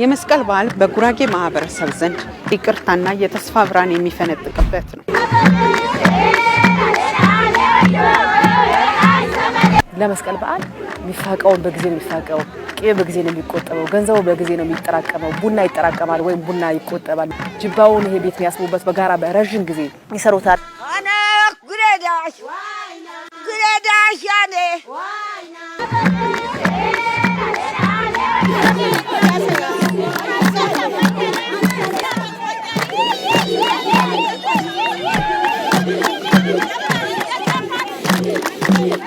የመስቀል በዓል በጉራጌ ማህበረሰብ ዘንድ ይቅርታና የተስፋ ብርሃን የሚፈነጥቅበት ነው። ለመስቀል በዓል የሚፋቀውን በጊዜ ነው የሚፋቀው፣ ቅቤ በጊዜ ነው የሚቆጠበው፣ ገንዘቡ በጊዜ ነው የሚጠራቀመው። ቡና ይጠራቀማል ወይም ቡና ይቆጠባል። ጅባውን ይሄ ቤት የሚያስቡበት በጋራ በረዥም ጊዜ ይሰሩታል።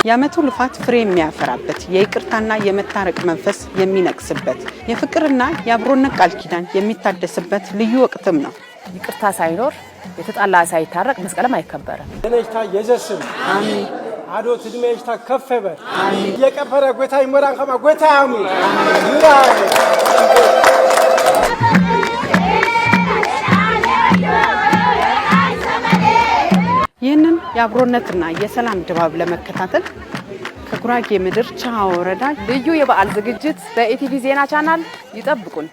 የዓመቱ ልፋት ፍሬ የሚያፈራበት የይቅርታና የመታረቅ መንፈስ የሚነግስበት የፍቅርና የአብሮነት ቃል ኪዳን የሚታደስበት ልዩ ወቅትም ነው። ይቅርታ ሳይኖር የተጣላ ሳይታረቅ መስቀልም አይከበርም። የነጅታ የዘስም አሚን አዶት እድሜሽታ ከፈበ የቀፈረ ጎታ ይሞራን ከማ ጎታ ያሙ የአብሮነትና የሰላም ድባብ ለመከታተል ከጉራጌ ምድር ቻ ወረዳ ልዩ የበዓል ዝግጅት በኢቲቪ ዜና ቻናል ይጠብቁን።